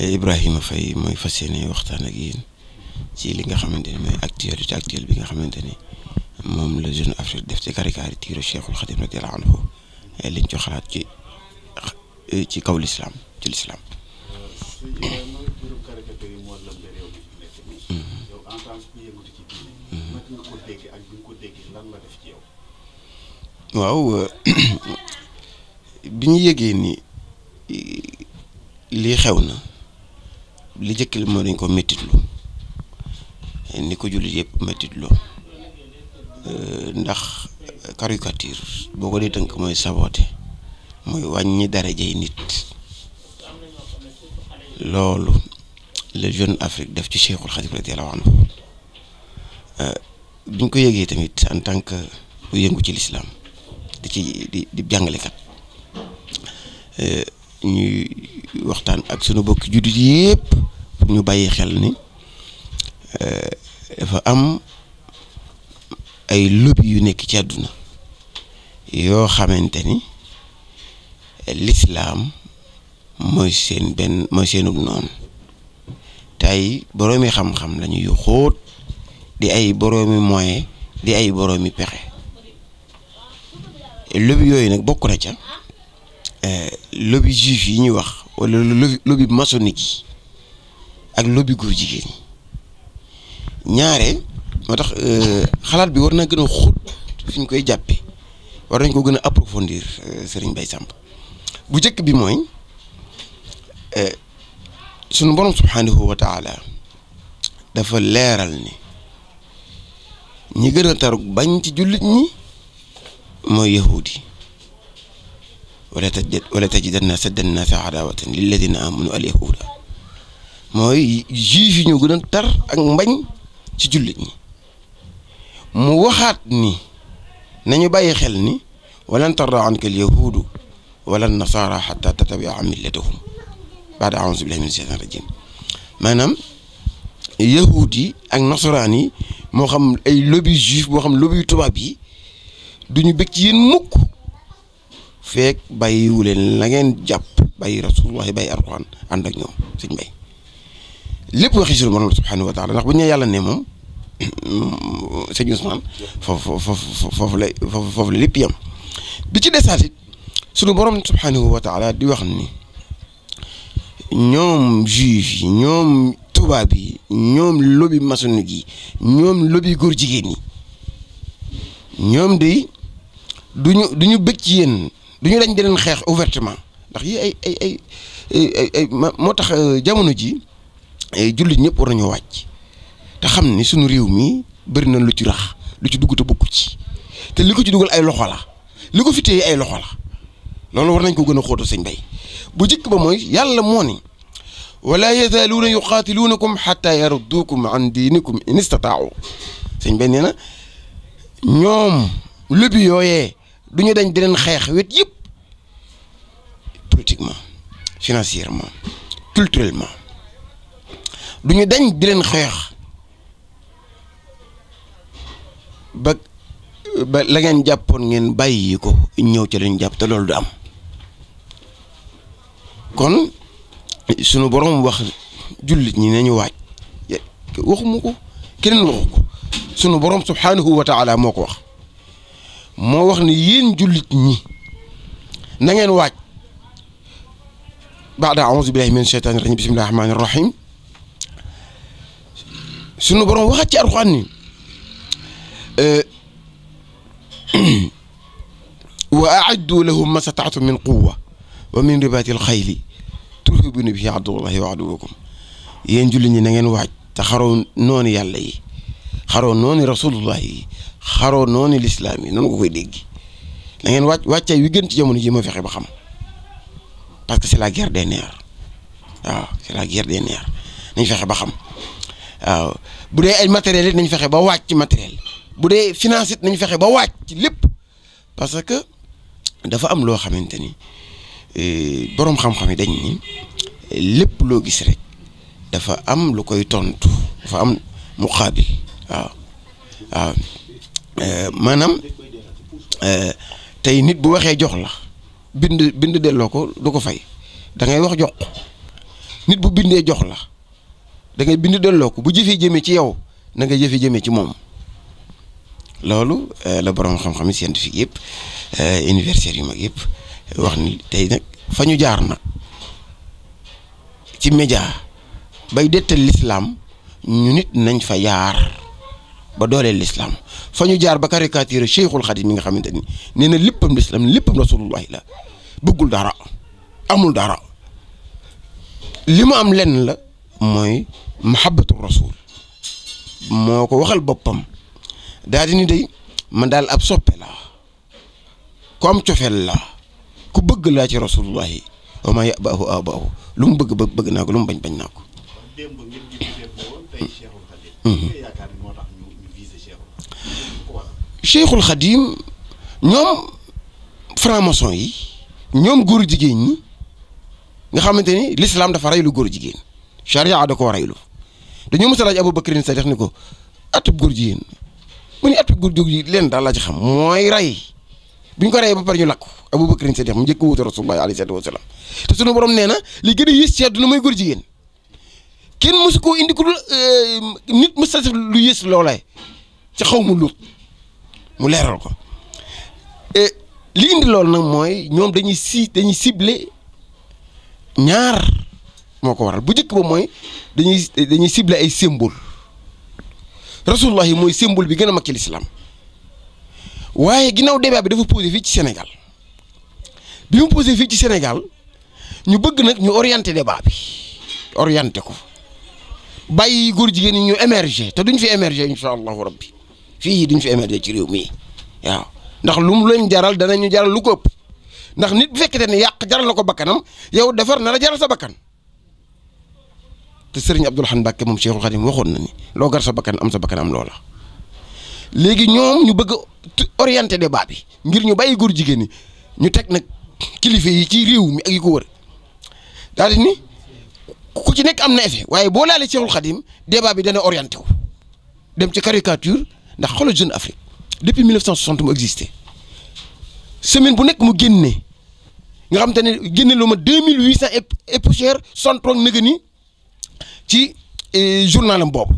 Ibrahima Faye mooy fas yéene waxtaan ak yéen ci li nga xamante ni mooy actualité actuelle bi nga xamante ni moom la Jeune Afrique def ci caricature Cheikhul Khadim radiyallahu anhu eh, liñ ci xalaat ci eh, kaw lislaam ci lislaam waaw euh, bi ñu yëgee ni eh, lii xew na li njëkk li moo dañ ko méttitlu ni ko jullit yëpp méttitlu euh, ndax caricature boo ko dee tënk mooy saboté mooy wàññi darajey nit loolu le jeune Afrique def ci Cheikhul Khadim radiyallahu anhu euh, biñ ko yëgee tamit en tant que bu yëngu ci lislaam di ci di di jàngalekat euh, ñuy waxtaan ak sunu bokki juddit yëpp ñu bàyyi xel ni eh, dafa am ay lobby yu nekk ci àdduna yoo xamante ni lislaam mooy seen benn mooy seenub noonu tey boroomi xam-xam lañu yu xóot di ay boroomi moyen di ay boroomi pexe lobby yooyu nag bokk na ca eh, lobby juif yi ñuy wax wala lobby maçonnique yi ak lobby góor jigéen ñaare moo tax euh, xalaat bi war naa gën a xóot fi koy jàppee war nañ ko gën a approfondir euh, Serigne Baye Samb bu jëkk bi mooy euh, sunu borom subhanahu wa dafa leeral ni ñi gën a taru bañ ci jullit ñi mooy yahudi wala tajid wala tajidanna saddannaasa adawatan lilladina amanu al yahuda mooy juif yi ñoo gën a tar ak mbañ ci jullit ñi mu waxaat ni nañu bàyyi xel ni walan tarda anka al yahuudu wala nasaara xata tatabia millatahum baada auzu billahi min shaytaan rajim maanaam yahuud yi ak nasaraan yi moo xam ay lobby juif moo xam lobby tubaab yi duñu bëgg ci yéen mukk feek bàyyiwu leen la ngeen jàpp bàyyi rasulullahi bàyyi alquran ànd ak ñoom suñ bay lépp waxi suñu borom subhanahu wa taala ndax bu ñu yàlla ne moom sëñ Ousmane foofu la lépp yam bi ci desaat it suñu borom subhanahu wa taala di wax ni ñoom juif yi ñoom tubaab yi ñoom lobi maçonnique yi ñoom lobi góor jigéen yi ñoom de duñu duñu bëgg ci yéen duñu dañ di leen xeex ouvertement ndax yi ay ay ay moo tax euh, jamono ji Eh, jullit ñëpp war nañoo wàcc te xam ni suñu réew mi bëri na lu ci rax lu ci dugg te bokku ci te li ko ci dugal ay loxo la li ko fi ay loxo la loolu war nañ ko gën a xóotu sëñ bay bu jëkk ba mooy yàlla moo ni wala yazaaluuna yuqaatiluunakum xatta yarudduukum an diinikum in istataau sëñ bay nee na ñoom lëbi yooyee du ñu dañ di xeex wet yëpp politiquement financièrement du ñu dañ di leen xeex ba ba la ngeen jàppoon ngeen bàyyi ko ñëw ca lañu jàpp te loolu du am kon sunu boroom wax jullit ñi nañu waaj waxuma ko keneen waxu ko sunu borom subhaanahu wa taala moo ko wax moo wax ni yéen jullit ñi na ngeen waaj baada auzu billahi min shaytaani rajim bismillahi rahmaani sunu borom waxaat ci Alxuraan ni euh, wa aaddu lahum ma stataatum min quwa wa min ribaati alxayli turhibuuna a aduwwallahi wax aduwwakum yéen julli ñi na ngeen waaj te xaroo noonu yàlla yi xaroo noonu rasulullah yi xaroo noonu lislaam yi noonu ko koy dégg na ngeen wàcc wàccaay wi gën ci jamono ji ma fexe ba xam parce si c'est la guerre des nerfs waaw c'est la fexe ba xam waaw bu dee ay matériel it nañ fexe ba wàcc ci matériel bu dee finance it nañ fexe ba wàcc ci lépp parce que dafa am loo xamante ni e, boroom xam-xam yi dañ lépp loo gis rek dafa am lu koy tontu dafa am muqaabil waaw waaw e, maanaam e, tey nit bu waxee jox la bind bind delloo ko du ko fay da ngay wax jox nit bu bindee jox la dangay bind delloo ko bu jëfee jëmee ci yow nanga nga jëfee jëmee ci moom loolu eh, la boroom xam-xam yi fii yëpp eh, universitaires yu mag yëpp wax ni tey nag fa ñu jaar na ci média bay dettal lislaam ñu nit nañ fa yaar ba dooleel lislaam fa ñu jaar ba caricature Cheikhul Khadim mi nga xamante ni nee na léppam lislaam léppam rasulullahi la bëggul dara amul dara li mu am lenn la. mooy mahabbatu rasul moo ko waxal boppam daal di ni day man daal ab soppe laa ku am cofeel la ku bëgg laa ci rasulullahi wa maa yabaahu abaahu lu mu bëgg bëgg naa ko lu mu bañ bañ naa ko. Hmm. Hmm. Cheikhul Khadim ñoom franc yi ñoom góor jigéen ñi nga xamante ni l'islam dafa rey lu góor jigéen. charia da koo reylu dañoo mos a laaj Aboubacar Sadiq ni ko atub góor jigéen mu ni atub góor jigéen leen daal la ci xam mooy rey bi ñu ko reyee ba pare ñu lakk Aboubacar Sadiq mu njëkk wut wuute Rasulullah alayhi salaatu wa te sunu borom nee na li gën a yées ci àdduna mooy góor jigéen kenn mosu koo indi ku dul eh, nit mos a lu yées loolee ci xaw ma luut mu leeral ko eh, li indi loolu nag mooy ñoom dañuy si dañuy ciblé ñaar. moo ko waral bu njëkk ba mooy dañuy dañuy ciblé ay symbole rasulullah yi mooy symbole bi gën a mag ci lislaam waaye ginnaaw débat bi dafa posé fii ci senegal bi mu posé fii ci senegal ñu bëgg nag ñu orienté débat bi orienté ko bàyyi góor jigéen ñi ñu émerger te duñ fi émerger incha allahu rabbi fii duñ fi émerger ci réew mii waaw ndax lu mu leen jaral ñu jaral lu ko ëpp ndax nit bu fekkee ne yàq jaral la ko bakkanam yow defar na la jaral sa bakkan. te sëriñ Abdul Ahad Mbàkke moom Cheikhul Khadim waxoon na ni loo gar sa bakkan am sa bakkan am loola. léegi ñoom ñu bëgg a orienté débat bi ngir ñu bàyyi góor jigéen ñi ñu teg nag kilifa yi ci réew mi ak yi ko wër daal ni ku ci nekk am na effet waaye boo laalee Cheikhul Khadim débat bi dana orienté wu dem ci caricature ndax xoolal Jeune Afrique depuis 1960 mu existé semaine bu nekk mu génne nga xam te ne génne lu ma deux mille 2800 et poussière 63 nëgë ni. ci eh, journalam boobu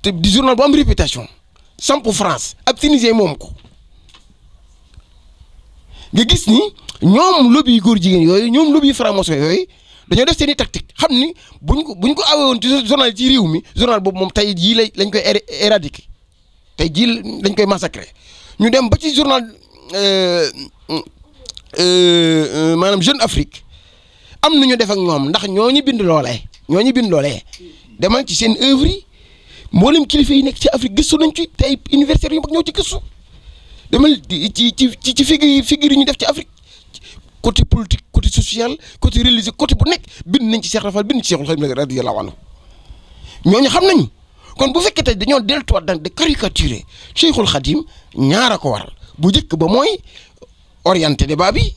te di journal bu am réputation samp France ak tunisien moom ko nga gis ni ñoom lobby góor jigéen yooyu ñoom lobby franc-maçon yooyu dañoo def seen i tactique xam ni buñ ko buñ ko awee woon ci journal ci réew mi journal boobu moom tey jii lañ lañ koy éradiquer tey jii lañ koy massacrer ñu dem ba ci journal euh, euh, euh, maanaam Jeune Afrique am na ñu def ak ñoom ndax ñoo ñu bind loolee. ñoo ñu bind loolee demal ci seen œuvre mboolem kilifa yi nekk ci Afrique gëstu nañ ci te ay universitaires yu mag ñoo ci gëstu demal ci ci ci figure figure yi ñu def ci Afrique côté politique côté sociale côté religieux côté bu nekk bind nañ ci Cheikh Rafal bind ci Cheikhul Khadim radiyallahu ñoo ñooñu xam nañ kon bu fekkee tey dañoo delluwaat daan de caricaturer Cheikhul Khadim ñaar a ko waral bu njëkk ba mooy orienté débat bi.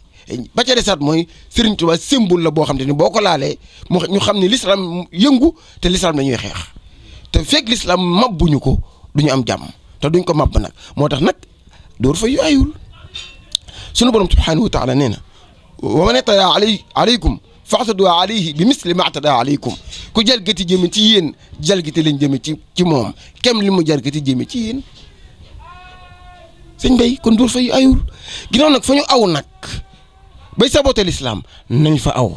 ba ca desaat mooy Serigne Touba symbole la boo xam te ni boo ko laalee mu ñu xam ne l'islam yëngu te l'islam dañuy xeex te fekk l'islam mabbuñu ko duñu am jàmm te duñ ko màbb nag moo tax nag dóor fa yaayul sunu borom subhaanahu wa taala nee na wa man i'tadaa aleykum fa'taduu alayhi bi misli ma i'tadaa aleykum ku jalgati jëme ci yéen jalgati lañ jëme ci ci moom kem li mu jalgati jëme ci yéen sëñ bay kon dóor fa yu ayul ginnaaw nag fa ñu aw nag bay saboté lislaam nañ fa aw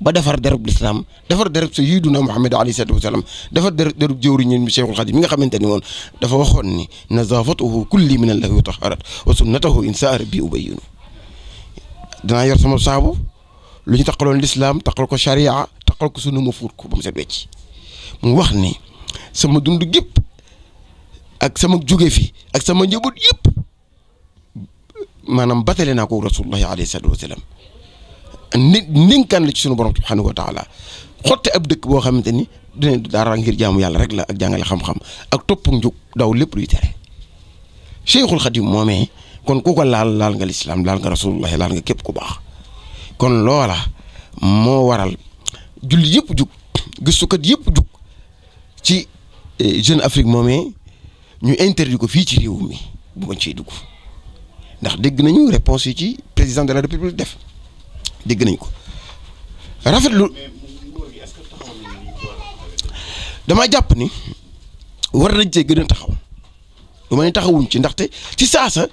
ba defar derub lislaam defar derub sayyiduna Muhammad alayhi salaatu wa salaam defar derub derub jëwriñu Cheikhul Xadim mi nga xamante ni woon dafa waxoon ni nazafatuhu kulli min allahi taharat wa sunnatahu insa rabbi ubayinu danaa yor sama saabu lu ñu taqaloon lislaam taqal ko sharia taqal ko sunna ma fuut ko ba mu set wecc mu wax ni sama dund gépp ak sama jóge fi ak sama njaboot yëpp maanaam batale naa ko rasulullahi alayhi salaatu wa salaam ni ndénkaan la ci sunu borom subhanahu wa taala xotte ab dëkk boo xamante ni dina dara ngir jaamu yàlla rek la ak jàngale xam-xam ak topp njug daw lépp luy tere Cheikhul Khadim moomee kon ku laal laal nga lislaam laal nga rasulullahi laal nga képp ku baax kon loola moo waral julli yëpp jug gëstukat yëpp jug ci eh, Jeune Afrique moomee ñu interdit ko fii ci réew mi bu ma ciy dugg ndax dégg nañu réponse yi ci président de la république def dégg nañu ko rafetlu dama jàpp ni war nañ cee gën a taxaw lu ma ne taxawuñ ci ndaxte ci saasa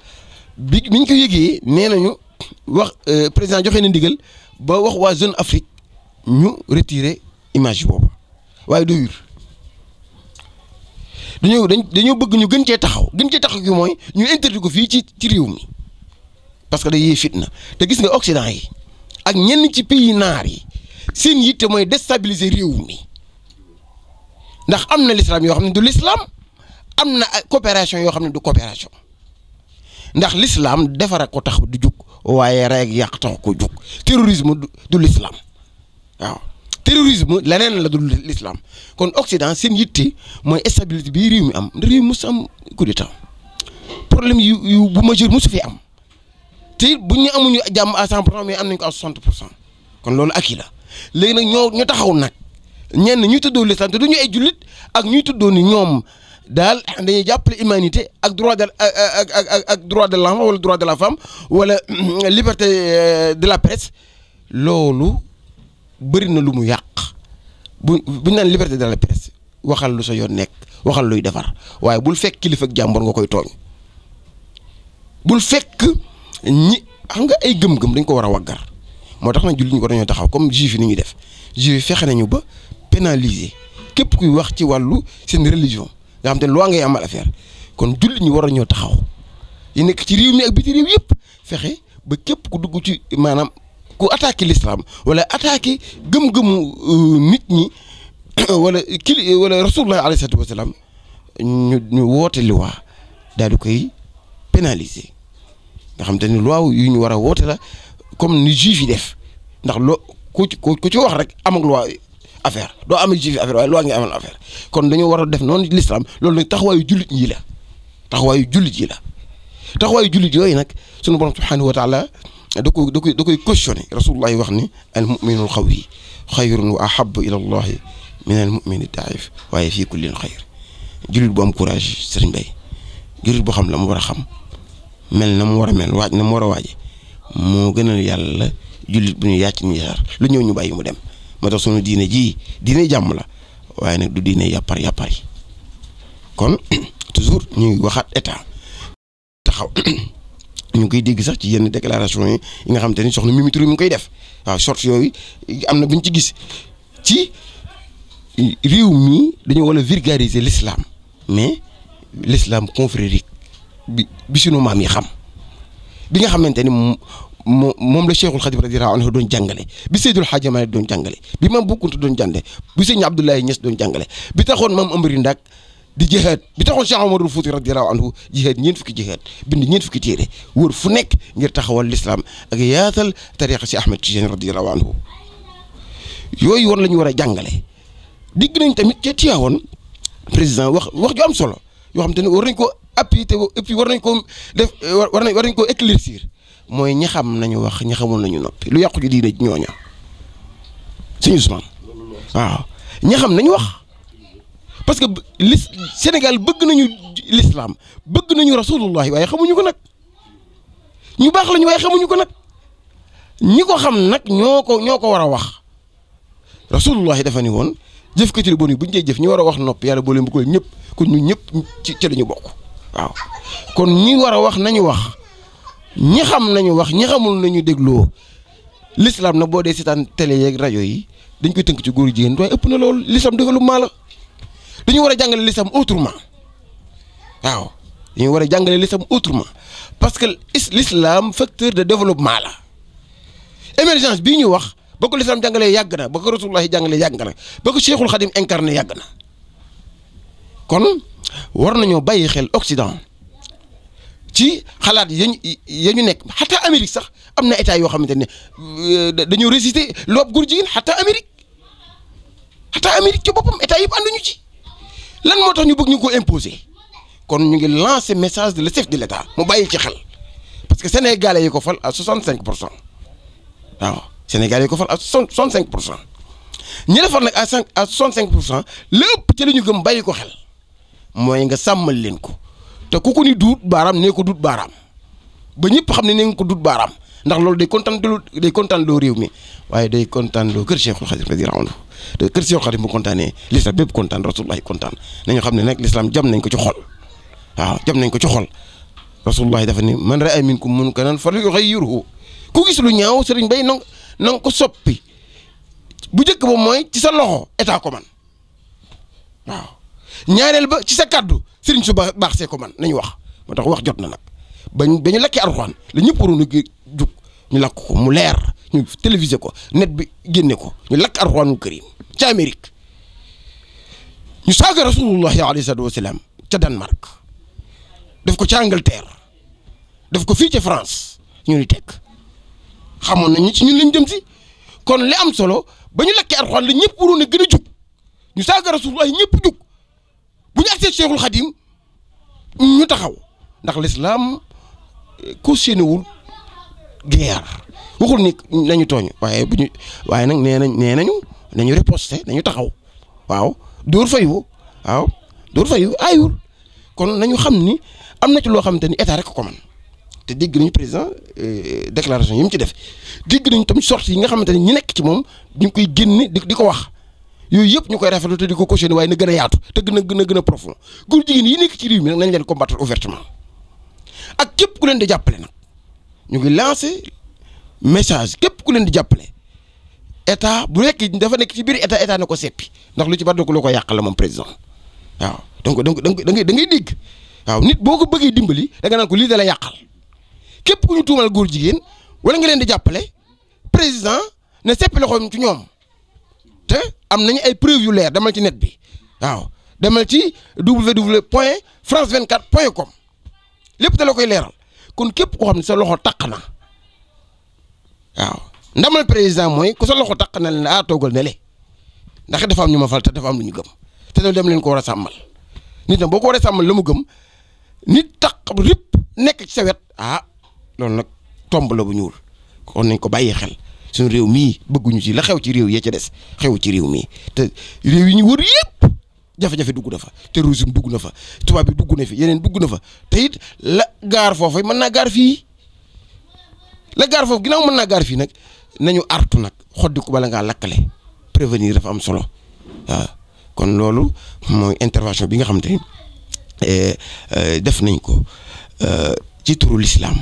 bi niñ ko yëgee nee nañu wax euh, président joxe na ndigal ba wax waa zone Afrique ñu retire image boobu waaye du dañoo dañ dañoo bëgg ñu gën cee taxaw gën cee taxaw gi mooy ñu interdit ko fii ci ci réew mi parce que day yee fitna te gis nga Occident yi ak ñenn ci pays naar yi seen yitte mooy déstabiliser réew mi ndax am na l'islam yoo xam ne du l'islam am na ay coopération yoo xam ne du coopération ndax l'islam defara ko tax du jug waaye rek yàq tax ko jug terrorisme du l'islam waaw. terrorisme leneen la dul l'islam kon Occident si seen yitte mooy stabilité bi réew mi am réew mi mos am coup d'état problème yu yu bu majeur mosu fi am te bu ñu amuñu jàmm à 100 mi cent mais am nañ ko à 60 pour cent kon loolu ak yi léegi nag ñoo ñu taxaw nag ñenn ñuy tuddoo l'islam te du ñu ay jullit ak ñuy tuddoo ni ñoom daal dañuy jàppale humanité ak droit de ak ak ak droit de l'enfant wala droit de la femme wala liberté euh, de la presse loolu. bari na lu mu yàq bu bu naan liberté de la presse waxal lu sa yoon nekk waxal luy defar waaye bul fekk kilifa ak jàmbur nga koy tooñ bul fekk ñi xam nga ay gëm-gëm dañ ko war a waggar moo tax nag jullit ñu war nañoo taxaw comme juif yi ñuy def fexe nañu ba pénaliser képp kuy wax ci wàllu seen religion nga xam ngay amal affaire kon jullit ñi war nañoo taxaw yi nekk ci réew mi ak biti réew yëpp fexe ba képp ku dugg ci maanaam. ku attaqué l'islam wala attaqué gëm-gëmu euh, nit ñi wala kili wala rasulullah wasalaam ñu ñu woote loi daal di koy pénaliser nga xam te ni loi yu ñu war a woote la comme ni juif yi def ndax loo ku ci ku ci wax rek am ak loi doo am juif yi affaire waaye loi nga amal affaire kon dañoo war a def noonu l'islam loolu nag taxawaayu jullit yi la taxawaayu jullit yi la taxawaayu jullit yooyu nag su borom subhanahu wa taala da koy da koy da koy cautionné wax ni al muminul xawi xayrun wa ahabu ila allahi min al mumini daif waaye fii kullin xayr jullit bu am courage sëriñ Bay jullit boo xam la mu war a xam mel na mu war a mel waaj na mu war a waaje moo gënal yàlla jullit bu ñu yàcc ñu yar lu ñëw ñu bàyyi mu dem moo tax sunu diine jii diine jàmm la waaye nag du diine yàppar yàppar yi kon toujours ñuy waxaat état ñu ngi dégg sax ci yenn déclaration yi nga xam te ni soxna Mimi Touré mi ngi koy def waaw short yooyu am na bu ñu ci gis ci réew mi dañu war a vulgariser mais l'islam confrérique bi bi sunu maam yi xam bi nga xamante ni moom moom la Cheikhul Khadim radiyallahu anhu doon jàngale bi Seydul Hadji Malick doon jàngale bi maam Bou Kounta doon jàngale bi Serigne Abdoulaye Niass doon jàngale bi taxoon maam Amary ndag di jihaad bi tax taxoon Cheikh Amadou Fouti radiyallahu anhu jihaad ñeent fukki jihaad bind ñeent fukki téere wër fu nekk ngir taxawal lislaam ak yaatal tariqa si Ahmed Tijaan radiyallahu anhu yooyu war la ñu war a jàngale digg nañ tamit ca Tiwaawoon président wax wax ju am solo yoo xam te ne war nañ ko appui te et war nañ ko def war nañ war nañ ko éclaircir mooy ñi xam nañu wax ñi xamul nañu noppi lu yàqu ju diine ñooña ñu Ousmane waaw ñi xam nañu wax parce que li Sénégal bëgg nañu lislaam bëgg nañu rasulullahi waaye xamuñu ko nag ñu baax lañu waaye xamuñu ko nag ñi ko xam nag ñoo ko ñoo ko war a wax rasulullahi dafa ni woon jëf ko ci lu yi bu ñu koy jëf ñi war a wax nopp yàlla boo leen bëggoon ñëpp kon ñu ñëpp ci ci la ñu bokk waaw kon ñi war a wax nañu wax ñi xam nañu wax ñi xamul nañu dégloo l'islam na boo dee seetaan télé yeeg rajo yi dañ koy tënk ci góor jigéen waaye ëpp na loolu l'islam dañu war a jàngale l'islam autrement waaw dañu war a jàngale l'islam autrement parce que l'islam facteur de développement la émergence bii ñu wax ba ko l'islam jàngalee yàgg na ba ko rasulullahi jàngalee yàgg na ba ko cheikhul xadim incarné yàgg na kon war nañoo bàyyi xel Occident ci xalaat ya ñu nekk xataa Amérique sax am na état yoo xamante ne euh, dañoo résister loob góor jigéen xataa Amérique xataa Amérique ci boppam état yëpp ànduñu ci lan moo tax ñu bëgg ñu ko imposer kon ñu ngi lancer message de le chef de l'État mu bàyyi ci xel parce que sénégalais yi ko fal à 65 pour cent waaw sénégalais yi ko fal à cinq pour cent ñi la fal nag à 5 à 65 pour cent lépp ci li ñu gëm bàyyi ko xel mooy nga sàmmal leen ko te ku ko ni duut baaraam nee ko duut baaraam ba ñëpp xam ne nee nga ko duut baaraam. ndax loolu day kontaan loo day kontaan réew mi waaye day kontaan loo kër Cheikhul Khadim radiyallahu anhu te kër Cheikhul Khadim bu kontaanee lislam bépp kontaan rasulullahi kontaan nañu xam ne nag lislam jam nañ ko ci xol waaw jam nañ ko ci xol rasulullahi dafa ni man raa minkum munkaran falyughayyirhu ku gis lu ñaaw sëriñ bay nang nang ko soppi bu njëkk ba mooy ci sa loxo état ko man waaw ñaareel ba ci sa kàddu sëriñ su baax see ko man nañu wax moo tax wax jot na nag bañ bañu lakkee la ñëpp a jug ñu lakk ko mu leer ñu télévisé ko net bi génne ko ñu lakk alxuraanul karim ca Amérique ñu saaga rasulullahi alayhi salaatu wasalaam ca Danemark def ko ca Angleterre def ko fii ca France ñu ni teg xamoon nañ ñi ci ñun lañ dem si kon li am solo ba ñu lakkee alxuraan la ñëpp waroon a gën a jug ñu saaga rasulullahi ñëpp jug bu ñu agsee Cheikhul Xadim ñu taxaw ndax lislaam ko séenewul guerre waxul ni nañu tooñ waaye bu ñu waaye nag nee nañ nee nañu nañu riposte nañu taxaw waaw dóor fayu waaw dóor fayu aayul kon nañu xam ni am na ci loo xamante ni état rek ko man te dégg nañu président euh, déclaration yi mu ci def dégg nañu tamit sorties yi nga xamante ni ñi nekk ci moom ñu koy génne di ko wax yooyu yëpp ñu koy rafetlu te di ko cautionné waaye a yaatu te gën a gën a gën a profond yi nekk ci réew mi nag nañ leen combattre ouvertement ak képp ku leen di jàppale nag. ñu ngi lancé message képp ku leen di jàppale état bu nekk dafa nekk ci biir état état na ko seppi ndax lu ci bari da ko loo la moom président waaw donc donc da ngay da ngay dégg waaw nit boo ko bëggee dimbali danga nga naan ko lii da la yàqal képp ku ñu tuumal góor jigéen wala nga leen di jàppale président ne seppi loxoom ci ñoom te am nañu ay preuve yu leer demal ci net bi waaw demal ci www point france 24 point com lépp ta la koy leeral. kon képp koo xam ne sa loxo taq na waaw ndamal président mooy ko sa loxo taq na leen a ah toogal ne le ndax dafa am ñu ma fal te dafa am lu ñu gëm te loolu dem leen ko war a sàmmal nit nag boo ko war a sàmmal la mu gëm nit taq rip nekk ci sa wet ah loolu nag tomb la bu ñuul kon nañ ko bàyyi xel suñu réew mii bëgguñu ci la xew ci réew yee ca des xew ci réew mii te réew yi ñu wër yëpp. jafe-jafe dugg na fa terrorisme dugg na fa tubaab bi dugg na fi yeneen dugg na fa te it la gaar foofa mën naa gaar fii la gaar foofu ginnaaw mën naa gaar fii nag nañu artu nag xoddi ko bala ngaa lakkale prévenir dafa am solo waaw kon loolu mooy intervention bi nga xam te eh, eh, def nañ ko eh, ci turu lislaam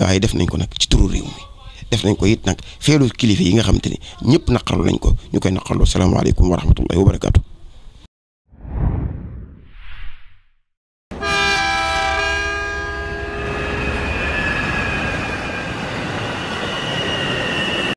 waaye def nañ ko nag ci turu réew mi def nañ ko it nag feelu kilifa yi nga xam te ni ñëpp naqarlu nañ ko ñu koy naqarlu salaamaaleykum wa rahmatullahi wa barakaatu.